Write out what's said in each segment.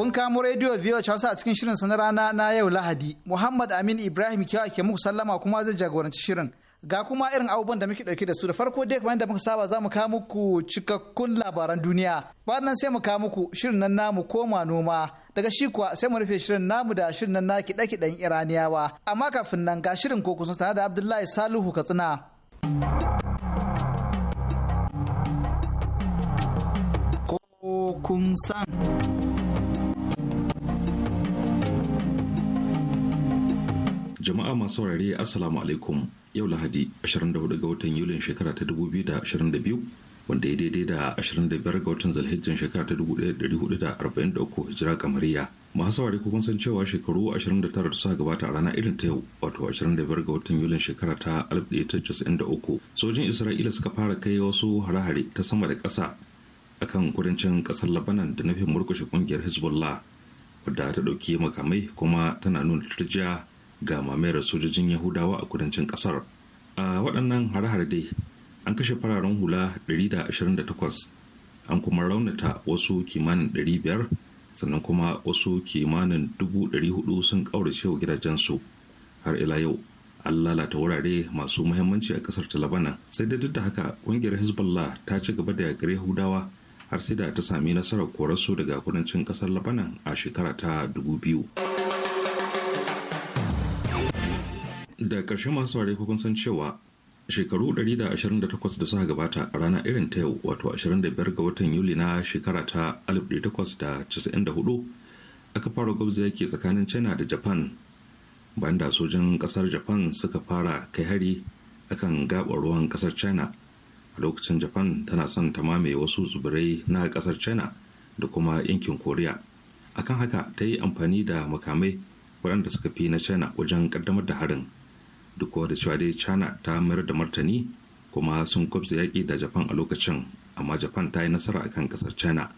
Kun kamo rediyo VOH Hausa a cikin shirin na rana na yau Lahadi. Muhammad Amin Ibrahim Kiyawa ke muku sallama kuma zai jagoranci shirin. Ga kuma irin abubuwan da muke dauke da su da farko dai kamar da muka saba za mu kawo muku cikakkun labaran duniya. Bayan sai mu kawo muku shirin nan namu koma noma. Daga shi kuwa sai mu rufe shirin namu da shirin nan na kiɗe-kiɗen Iraniyawa. Amma kafin nan ga shirin ko tare da Abdullahi Salihu Katsina. Ko kun san. jama'a masu saurare assalamu alaikum yau lahadi 24 ga watan yulin shekara ta 2022 wanda ya daidai da 25 ga watan zalhijjin shekara ta 1443 hijira kamariya masu saurare ku san cewa shekaru 29 da suka gabata a rana irin ta yau wato 25 ga watan yulin shekara ta 1993 sojin isra'ila suka fara kai wasu hare-hare ta sama da ƙasa akan kudancin ƙasar labanan da nufin murkushe ƙungiyar hezbollah wadda ta ɗauki makamai kuma tana nuna turjiya ga mamayar sojojin yahudawa a kudancin kasar a waɗannan hare-hare dai an kashe fararen hula 128 an kuma raunata wasu kimanin 500 sannan kuma wasu kimanin 400 sun ƙaurace wa gidajensu har ila yau an lalata wurare masu muhimmanci a kasar ta labanan sai dai duk da haka ƙungiyar hezbollah ta ci gaba da yakar yahudawa har sai da ta sami nasarar korarsu daga kudancin kasar labanan a shekara ta 2000 da ƙarshe masu ware kun san cewa shekaru 128 da suka gabata a rana irin ta yau wato 25 ga watan yuli na shekara ta 1894 aka fara gwabza yake tsakanin china da japan bayan da sojin kasar japan suka fara kai hari akan gabar ruwan kasar china a lokacin japan tana son ta mamaye wasu tsibirai na ƙasar china da kuma yankin koriya akan haka ta yi amfani da makamai waɗanda suka fi na china wajen ƙaddamar da harin duk da cewa dai china ta mayar da martani kuma sun kwabza yaƙi da japan a lokacin amma japan ta yi nasara akan kasar china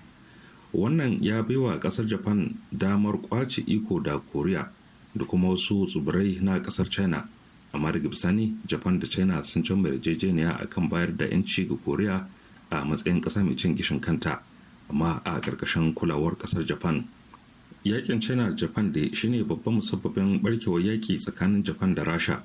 wannan ya baiwa ƙasar japan damar kwace iko da koriya da kuma wasu tsibirai na ƙasar china amma daga bisani japan da china sun mai yarjejeniya akan bayar da 'yanci ga koriya a matsayin ƙasa mai cin gishin kanta amma a ƙarƙashin kulawar ƙasar japan yakin china da japan da shine babban musabbabin barkewar yaƙi tsakanin japan da rasha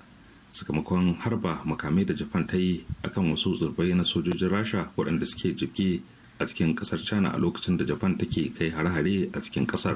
sakamakon harba makamai da japan ta yi akan wasu tsirbai na sojojin rasha waɗanda suke jibge a cikin kasar china a lokacin da japan take kai hare-hare a cikin kasar.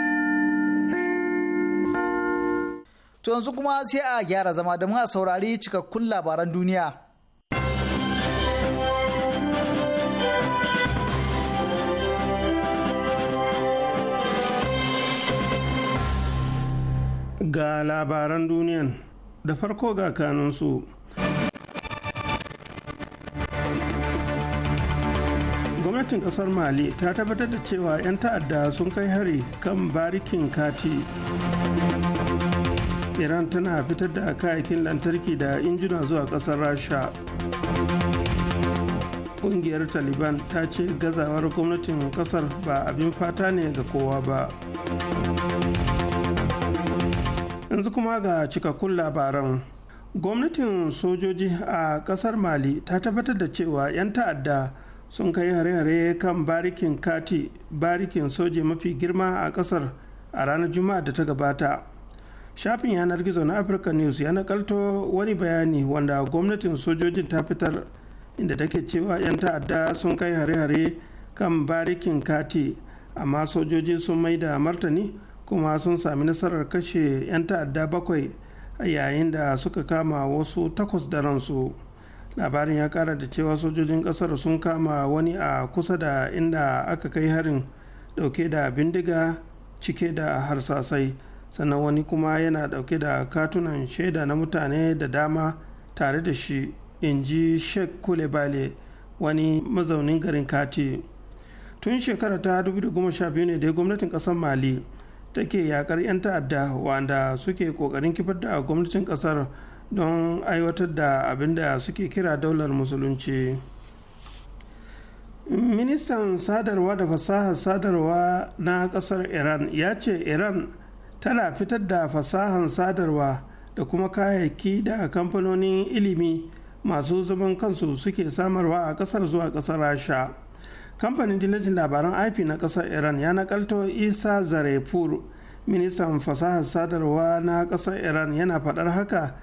To yanzu kuma sai a gyara zama da a saurari cikakkun labaran duniya. Ga labaran duniyan da farko ga kanunsu. gwamnatin kasar mali ta tabbatar da cewa 'yan ta'adda sun kai hari kan barikin kati iran tana fitar da kayakin lantarki da injina zuwa kasar rasha ƙungiyar taliban ta ce gazawar gwamnatin kasar ba abin fata ne ga kowa ba yanzu kuma ga cikakkun labaran gwamnatin sojoji a kasar mali ta tabbatar da cewa 'yan ta'adda sun kai hare-hare kan barikin kati barikin soje mafi girma a kasar a ranar juma'a da ta gabata shafin yanar gizo na africa news ya nakalto wani bayani wanda gwamnatin sojojin ta fitar inda take cewa 'yan ta'adda sun kai hare-hare kan barikin kati amma sojoji sun mai da martani kuma sun sami nasarar kashe 'yan ta'adda bakwai a yayin da suka kama wasu takwas da ransu labarin ya kara da cewa sojojin kasar sun kama wani a kusa da inda aka kai harin dauke da bindiga cike da harsasai sannan wani kuma yana ɗauke da katunan shaida na mutane da dama tare da shi in ji sheikh kulebale wani mazaunin garin kati tun shekara ta 2012 ne dai gwamnatin kasar mali take yakar 'yan ta'adda wanda suke kokarin kifar da gwamnatin ƙasar don aiwatar da abin da suke kira daular musulunci ministan sadarwa da fasahar sadarwa na kasar iran ya ce iran tana fitar da fasahan sadarwa da kuma kayayyaki da kamfanonin ilimi masu zaman kansu suke samarwa a kasar zuwa kasar rasha kamfanin dillacin labaran ip na kasar iran ya nakalto isa zarefur ministan fasahar sadarwa na kasar iran yana faɗar haka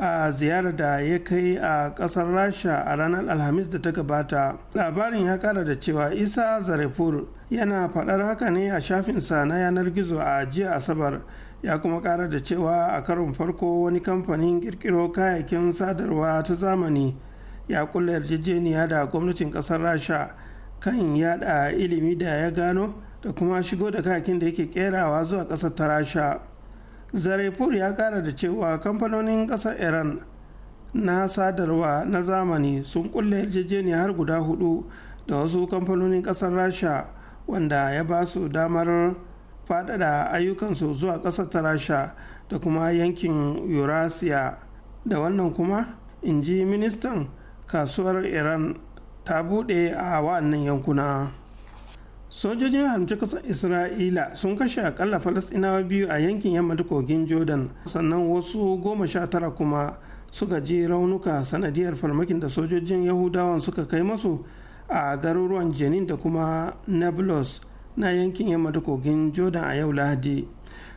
a ziyarar da ya kai a ƙasar rasha a ranar alhamis da ta gabata labarin ya kara da cewa isa zarefur yana faɗar haka ne a shafinsa na yanar gizo a jiya asabar ya kuma kara da cewa a karon farko wani kamfanin ƙirƙiro kayayyakin sadarwa ta zamani ya kulla yarjejeniya da gwamnatin ƙasar rasha kan yada ilimi da ya gano da kuma shigo da kayakin da yake kerawa zuwa ƙasar ta rasha zarefur ya kara da cewa kamfanonin ƙasar iran na sadarwa na zamani sun kulle yarjejeniya har guda hudu da wasu kamfanonin ƙasar rasha wanda ya ba su damar faɗaɗa ayyukansu zuwa ƙasar ta rasha da kuma yankin eurasia da wannan kuma in ji ministan kasuwar iran ta buɗe a wa'annan yankuna. sojojin haramci kasar isra'ila sun kashe akalla falasɗinawa biyu a yankin yamma da kogin jordan sannan wasu goma sha tara kuma suka ji raunuka sanadiyar farmakin da sojojin yahudawan suka kai masu a garuruwan jenin da kuma nablus na yankin yamma da kogin jordan a yau lahadi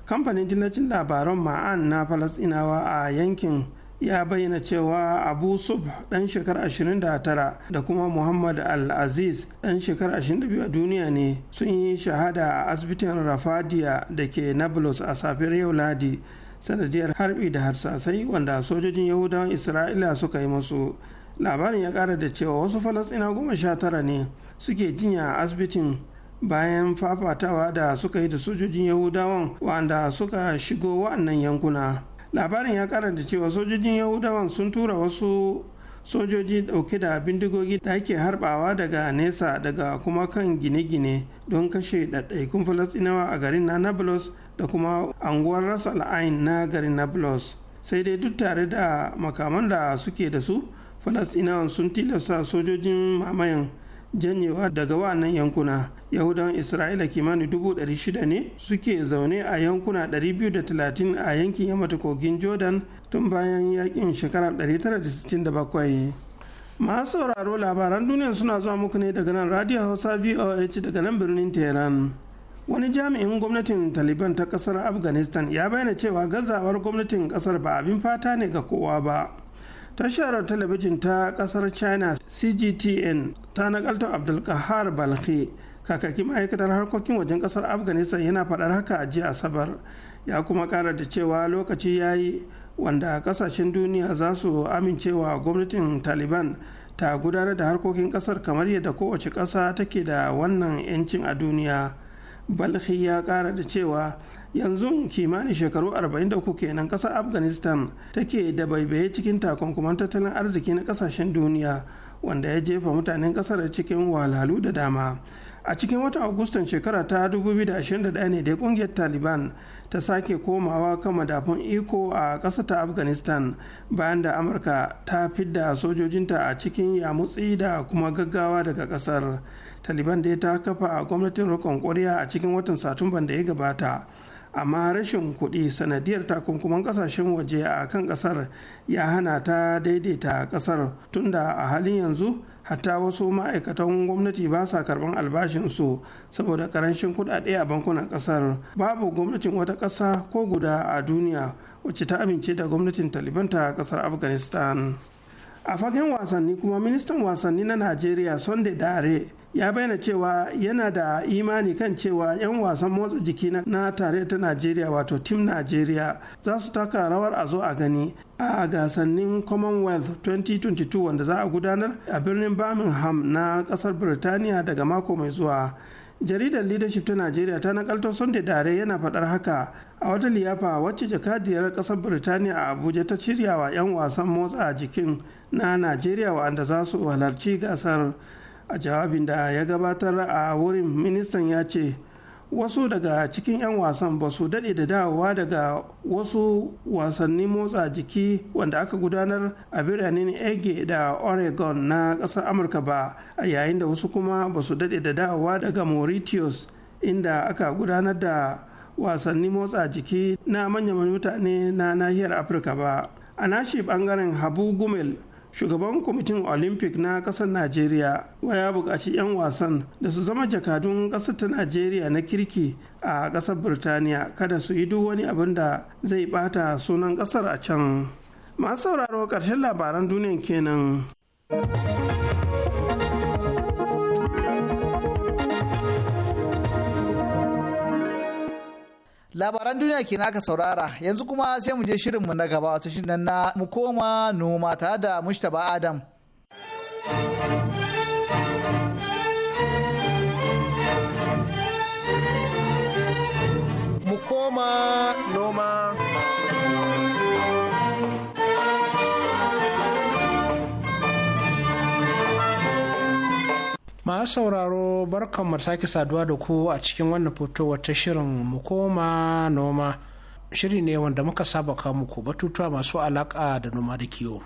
kamfanin dillacin labaran ma'an na falasɗinawa a yankin ya bayyana cewa abu subh dan shekara 29 da kuma muhammad al-aziz dan shekara 22 a duniya ne sun yi shahada a asibitin rafadiya da ke nablus a safiyar yau ladi sanadiyar harbi da harsasai wanda sojojin yahudawan isra'ila suka yi musu? labarin ya kara da cewa wasu falasina goma sha tara ne suke jinya a asibitin bayan fafatawa da suka yi da sojojin yahudawan wanda suka shigo wa'annan yankuna labarin ya karanta cewa sojojin yahudawan sun tura wasu sojoji dauke da bindigogi da ake harbawa daga nesa daga kuma kan gine-gine don kashe ɗaiɗaikun Falasɗinawa a garin na nablus da kuma anguwar rasa al'ain na garin nablus sai dai duk tare da makaman da suke da su falastinawan sun tilasta sojojin mamayan janyewa daga wannan yankuna yahudan isra'ila kimanin dubu ɗari shida ne suke zaune a yankuna biyu da talatin a yankin yammata kogin jordan tun bayan yakin shekara tara da da sittin bakwai. masu sauraro labaran duniya suna zuwa muku ne daga nan radio hausa voh daga nan birnin tehran wani jami'in gwamnatin taliban ta kasar afghanistan ya bayyana cewa gazawar gwamnatin kasar ba abin fata ne ga kowa ba tashar talabijin ta kasar china cgtn ta nakalto abdulkahar balkhi kakakin ma'aikatar harkokin wajen kasar afghanistan yana faɗar haka a jiya asabar ya kuma ƙara da cewa lokaci ya yi wanda kasashen duniya za su amincewa gwamnatin taliban ta gudanar da harkokin kasar kamar yadda kowace kasa take da wannan 'yancin a duniya balkhi ya kara da cewa yanzu kimanin shekaru 43 kenan kasar afghanistan take da baibaye cikin takunkuman tattalin arziki na kasashen duniya wanda ya jefa mutanen kasar cikin walalu da dama a cikin watan agustan shekara ta 2021 ne da kungiyar taliban ta sake komawa kan madafun iko a ƙasa ta afghanistan bayan da amurka ta fidda sojojinta a cikin yamutsi da kuma gaggawa daga kasar taliban dai ta kafa a gwamnatin rikon ƙwarya a cikin watan satumban da ya gabata amma rashin kuɗi sanadiyar takunkuman kasashen waje a kan ƙasar ya hana ta daidaita ƙasar tunda a halin yanzu hatta wasu ma'aikatan gwamnati ba sa karɓar albashinsu saboda ƙarancin kuɗaɗe a bankunan ƙasar babu gwamnatin wata ƙasa ko guda a duniya wacce ta amince da gwamnatin taliban ta ƙasar afghanistan a fagen wasanni kuma ministan wasanni na najeriya sunday dare ya bayyana cewa yana da imani kan cewa 'yan wasan motsa jiki na tare ta najeriya wato tim najeriya za su taka rawar a zo a gani a gasannin commonwealth 2022 wanda za a gudanar a birnin birmingham na kasar birtaniya daga mako mai zuwa jaridar leadership ta najeriya ta nakalto sunday dare yana fadar haka a wata liyafa wacce jakadiyar kasar birtaniya a abuja ta shirya wa 'yan wasan motsa jikin na najeriya wa'anda za su halarci gasar a jawabin da ya gabatar a wurin ministan ya ce wasu daga cikin 'yan wasan ba su daɗe da dawowa daga wasu wasannin motsa jiki wanda aka gudanar a biranen ege da oregon na ƙasar amurka ba a yayin da wasu kuma ba su daɗe da dawowa daga mauritius inda aka gudanar da wasannin motsa jiki na manyan mutane na nahiyar afirka ba a nashi ɓangaren habu gumel shugaban kwamitin olympic na kasar najeriya wa ya buƙaci 'yan wasan da su zama jakadun ƙasar ta najeriya na kirki a ƙasar birtaniya kada su yi duk wani abin da zai ɓata sunan ƙasar a can masu sauraro ƙarshen labaran duniyan kenan. labaran duniya ke naka saurara yanzu kuma sai mu je shirinmu na gaba wato shirin na mu koma noma tare da mushtaba adam mu koma noma sauraro barkan sake saduwa da ku a cikin wannan foto wata shirin mu koma noma shiri ne wanda muka saba ka muku batutuwa masu alaka da noma da kiwo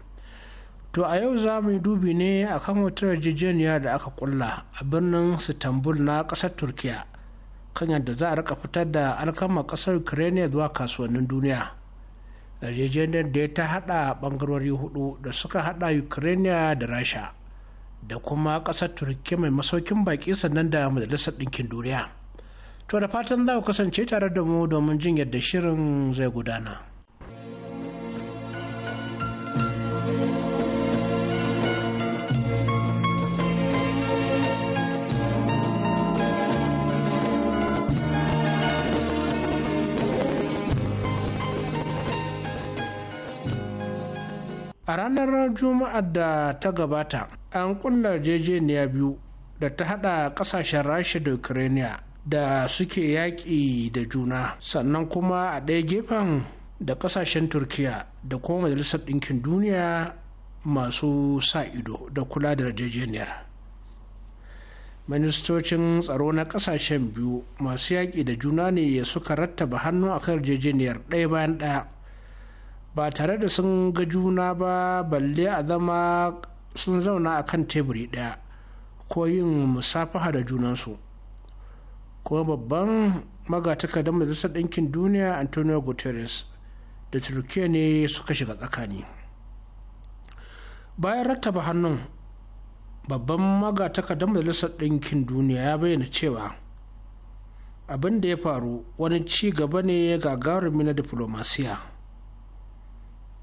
to a yau za mu yi dubi ne a kan wata yarjejeniya da aka kulla a birnin istanbul na kasar turkiya kan yadda za a rika fitar da alkama kasar ukraine zuwa kasuwannin duniya yarjejeniyar da ta hada bangarori hudu da suka hada ukraine da rasha da kuma ƙasar turki mai masaukin baƙi sannan da majalisar ɗinkin duniya to da fatan za ku kasance tare da mu domin jin yadda shirin zai gudana a ranar juma'ar da ta gabata an kulla yarjejeniya biyu da ta hada kasashen rasha da ukraine da suke yaƙi da juna sannan kuma a ɗaya gefen da kasashen turkiya da kuma majalisar ɗinkin duniya masu sa ido da kula da yarjejeniyar ministocin tsaro na kasashen biyu masu yaƙi da juna ne suka rattaba hannu a kan yarjejeniyar ɗaya bayan ɗaya ba tare da sun ga juna ba balle a zama sun zauna a kan teburi ɗaya ko yin musafaha da junansu kuma babban da majalisar ɗinkin duniya antonio guterres da turkiya ne suka shiga tsakani bayan rattaba hannun babban da majalisar ɗinkin duniya ya bayyana cewa abin da ya faru wani ci gaba ne gagarumi na diflomasiya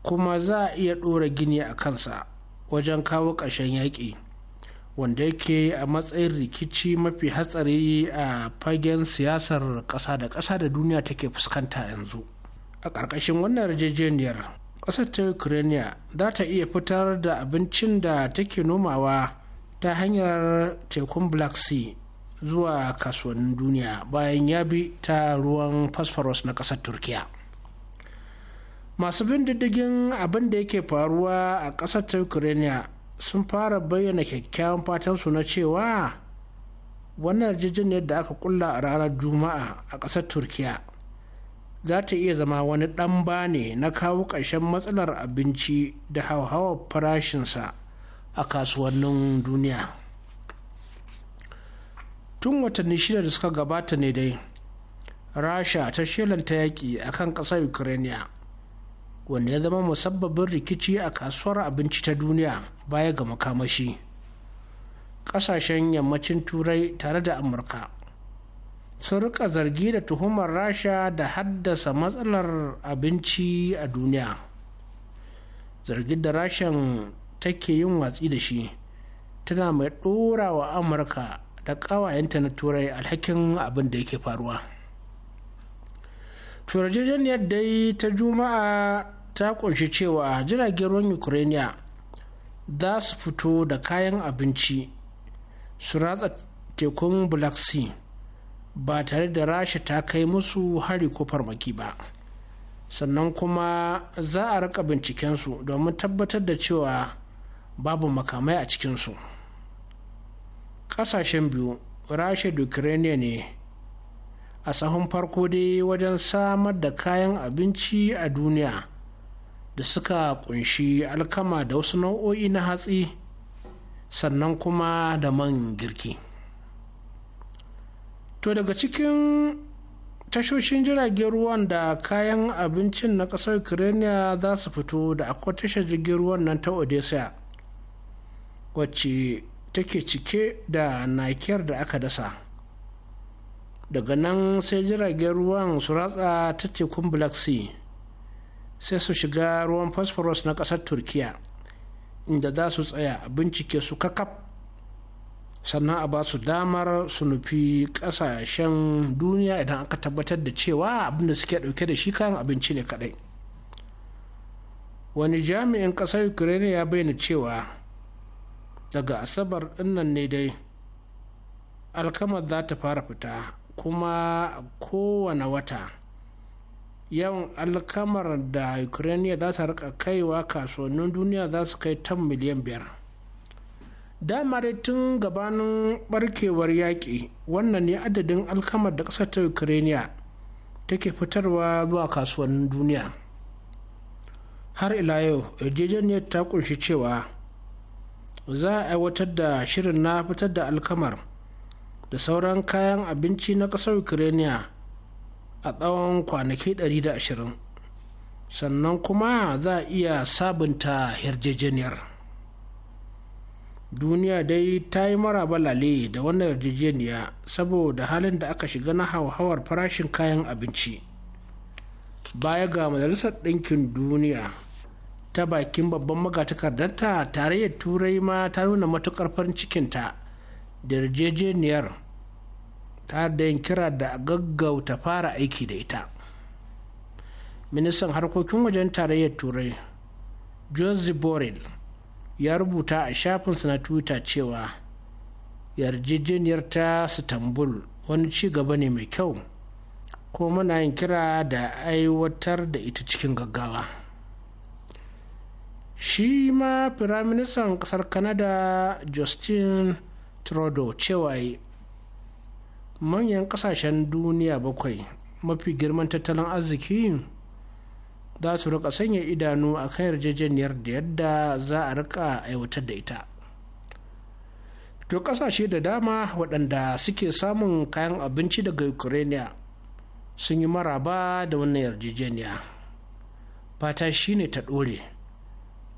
kuma za a iya ɗora gini a kansa wajen kawo ƙarshen yaƙi wanda yake a matsayin rikici mafi hatsari a fagen siyasar ƙasa da ƙasa da duniya take fuskanta yanzu a ƙarƙashin wannan yarjejeniyar ƙasar ta ukraine za ta iya fitar da abincin da take nomawa ta hanyar tekun black sea zuwa kasuwannin duniya bayan ya bi ta ruwan phosphorus na ƙasar turkiya masu bin diddigin abin da yake faruwa a ƙasar ta ukraine sun fara bayyana kyakkyawan su na cewa wannan ne da aka kulla a ranar juma'a a ƙasar turkiya za ta iya zama wani ɗan bane na kawo ƙarshen matsalar abinci da hauhawar farashinsa a kasuwannin duniya tun watanni shida da suka gabata ne dai rasha ta shelanta yaƙi a kan ƙasar ukraine wanda ya zama musabbabin rikici a kasuwar abinci ta duniya baya ga makamashi kasashen yammacin turai tare da amurka sun rika zargi da tuhumar rasha da haddasa matsalar abinci a duniya zargin da rashin take yin watsi da shi tana mai ɗora wa amurka da ƙawayenta na turai alhakin abin da yake faruwa yarjejeniyar dai ta juma'a ta kunshi cewa jiragen ruwan ukraine za su fito da kayan abinci su ratsa tekun black sea ba tare da rasha ta kai musu hari ko farmaki ba sannan kuma za a rika bincikensu domin tabbatar da cewa babu makamai a cikinsu ƙasashen biyu rasha da ukraine ne a sahun farko dai wajen samar da kayan abinci a duniya da suka kunshi alkama da wasu nau'o'i na hatsi sannan kuma da man girki to daga cikin tashoshin jiragen ruwan da kayan abincin na ƙasar ukraine za su fito da akwai tashar jirgin ruwan nan ta odessa wacce take cike da nakiyar da aka dasa daga nan sai jiragen ruwan su ratsa ta tekun black sea sai su shiga ruwan phosphorus na ƙasar turkiya inda za su tsaya bincike su kakaf sannan a ba su damar su nufi ƙasashen duniya idan aka tabbatar da cewa abinda suke ɗauke da shi kan abinci ne kadai wani jami'in ƙasar ukraine ya bayyana cewa daga asabar ɗinnan ne dai alkamar za ta fara fita kuma kowane wata yawan alkamar da ukraine za su rika kaiwa kasuwannin duniya za su kai tan miliyan biyar dama dai tun gabanin barkewar yaƙi wannan ne adadin alkamar da ƙasar ta ukraine take fitarwa zuwa kasuwannin duniya har ila yau yarjejeniyar ta kunshi cewa za a aiwatar da shirin na fitar da alkamar da sauran kayan abinci na ƙasar ukraine a tsawon kwanaki 120 sannan kuma za a iya sabunta yarjejeniyar duniya dai ta yi mara balale da wannan yarjejeniya saboda halin da aka shiga na hauhawar farashin kayan abinci baya ga majalisar ɗinkin duniya ta bakin babban magatakardarta tarayyar turai ma ta nuna matukar farin cikinta da yarjejeniyar ta da yin kira da gaggauta fara aiki da ita ministan harkokin wajen tarayyar turai Jose borrell ya rubuta a shafinsa na twitter cewa yarjejeniyar ta istanbul wani ci gaba ne mai kyau ko muna yin kira da aiwatar da ita cikin gaggawa shi ma firaministan kasar Kanada justin trudeau cewa manyan kasashen duniya bakwai mafi girman tattalin arziki za su rika sanya idanu a kan yarjejeniyar da yadda za a rika aiwatar da ita to kasashe da dama waɗanda suke samun kayan abinci daga ukraine sun yi maraba da wannan yarjejeniya fata shi ne ta ɗore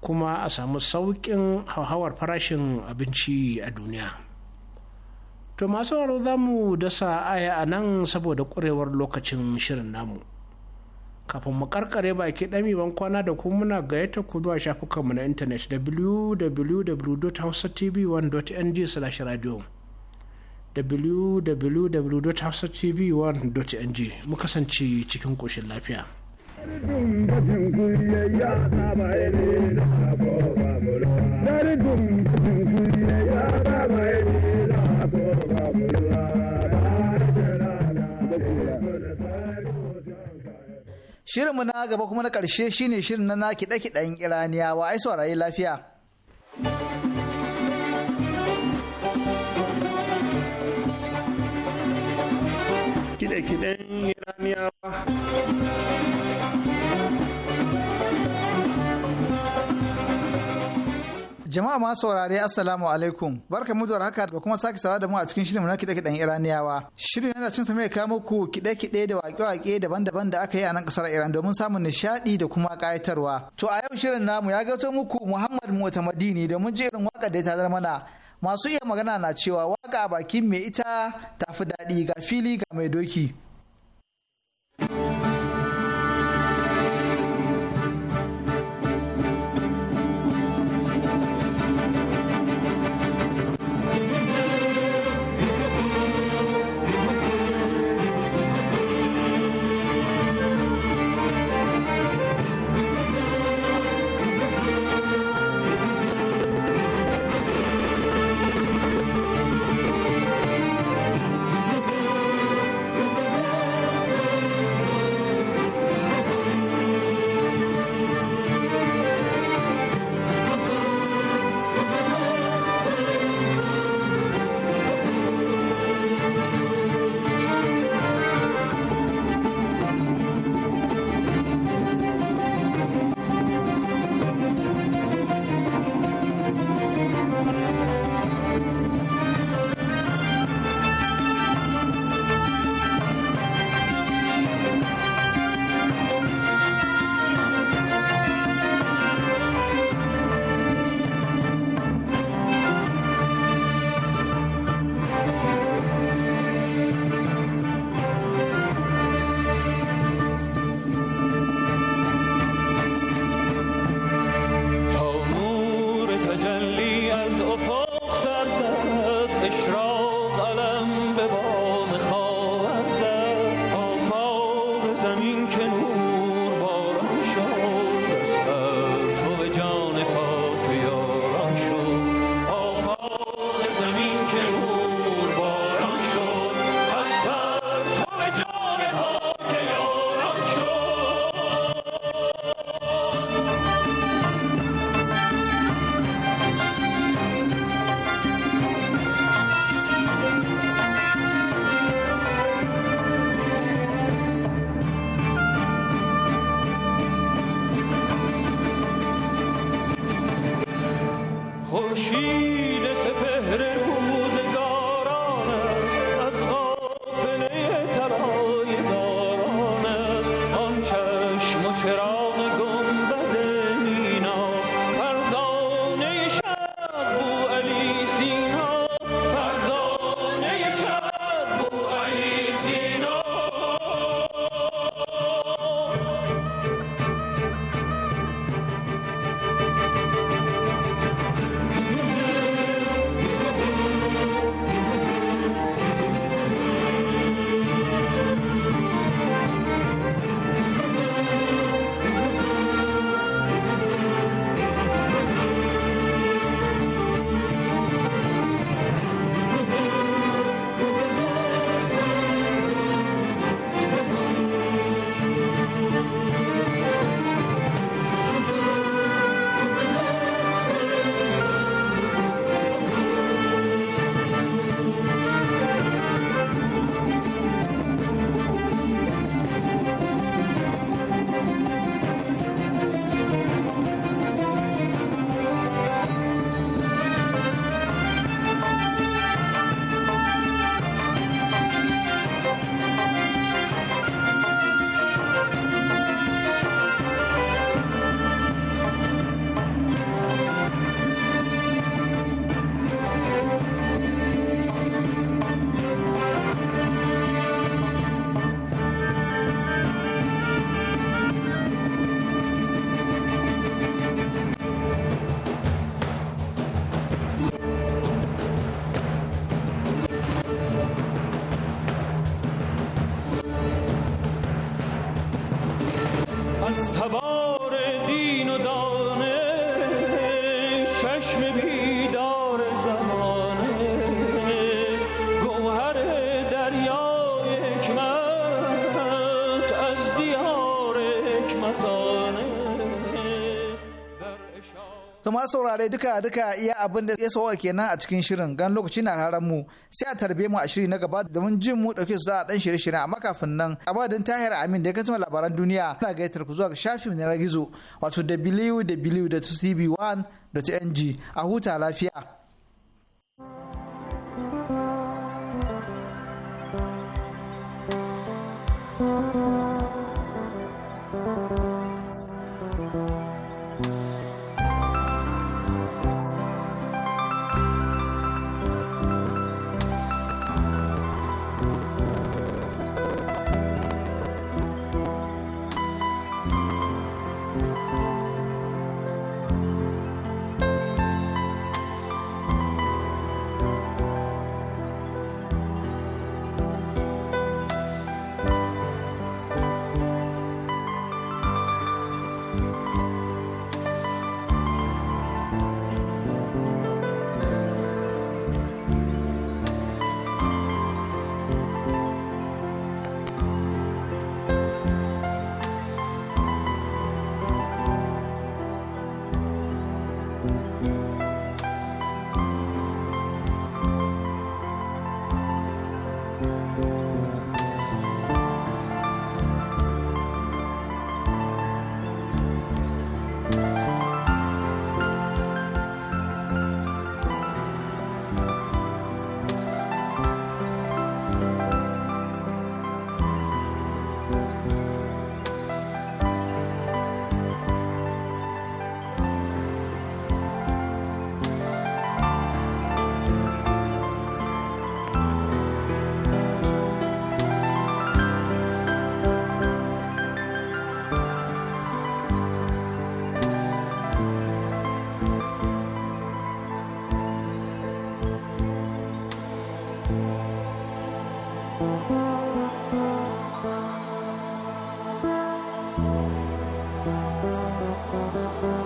kuma a samu sauƙin hauhawar farashin abinci a duniya to masu waro za mu dasa aya a nan saboda ƙurewar lokacin shirin namu kafin mu karkare baki ɗami ban kwana da kuma muna gayyata ku zuwa shafukanmu na intanet www.hausatv1.ng/radio www.hausatv1.ng mu kasance cikin ƙoshin lafiya. Dari dum dum Shirinmu na gaba kuma na ƙarshe shine shirin na na kiɗe iraniya Iraniyawa ai saurayi lafiya. Kiɗe-kiɗen Iraniyawa. Jama'a ma saurare Assalamu alaikum. Barka mu da haka da kuma sake sawa da mu a cikin shirin na kiɗe-kiɗen Iraniyawa. Shirin yana cin mai kawo muku kiɗe-kiɗe da waƙe-waƙe daban-daban da aka yi a nan ƙasar Iran domin samun nishaɗi da kuma kayatarwa. To a yau shirin namu ya gato muku Muhammad Mutamadini domin ji irin waƙar da ya tazar mana. Masu iya magana na cewa waƙa a bakin mai ita tafi daɗi ga fili ga mai doki. ma saurare duka duka iya abin da ya sauwa kenan a cikin shirin gan lokaci na raran mu sai a tarbe mu a shiri na gaba da mun jin mu dauke su za a dan shirye shirye amma kafin nan a madadin tahir amin da ya kasance labaran duniya ana gaitar ku zuwa ga shafin na gizo wato www.tv1.ng a huta lafiya. thank you